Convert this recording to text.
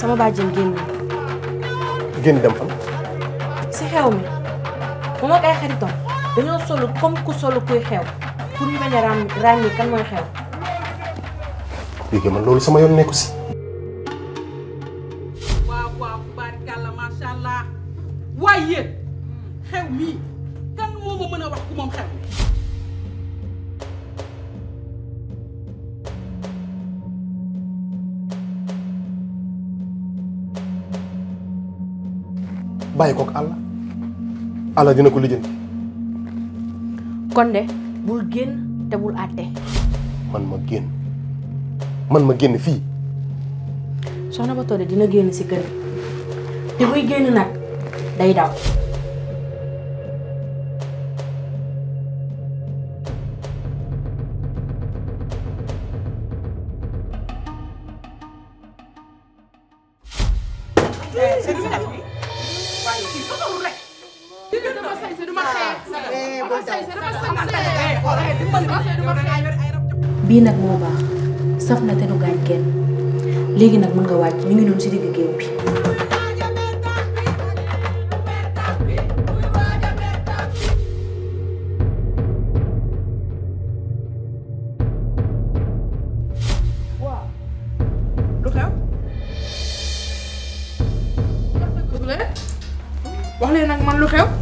sama bàjjen génn génn dem fan. si xew mi moom ak ay xaritam dañoo solu comme ku solu kuy xew pour ñu bañ a ràmm ràññee kan mooy xew. léegi man loolu sama yoon nekku si. waaw waaw barikàlla macha allah waaye xew mii kan moo mën a wax ku moom xew. bàyyi kook Allah. Allah dina ko lijjanti kon de bul génn te bul àtte man ma génn man ma génn fii soxna Bato de dina génn si kër te buy génn nag day daw sañse eh, eh, eh, bii nag moo baax saf na te du gaañ kenn léegi nag mën nga wàcc ñu ngi noonu si digg géew bi wax leen nag man lu xew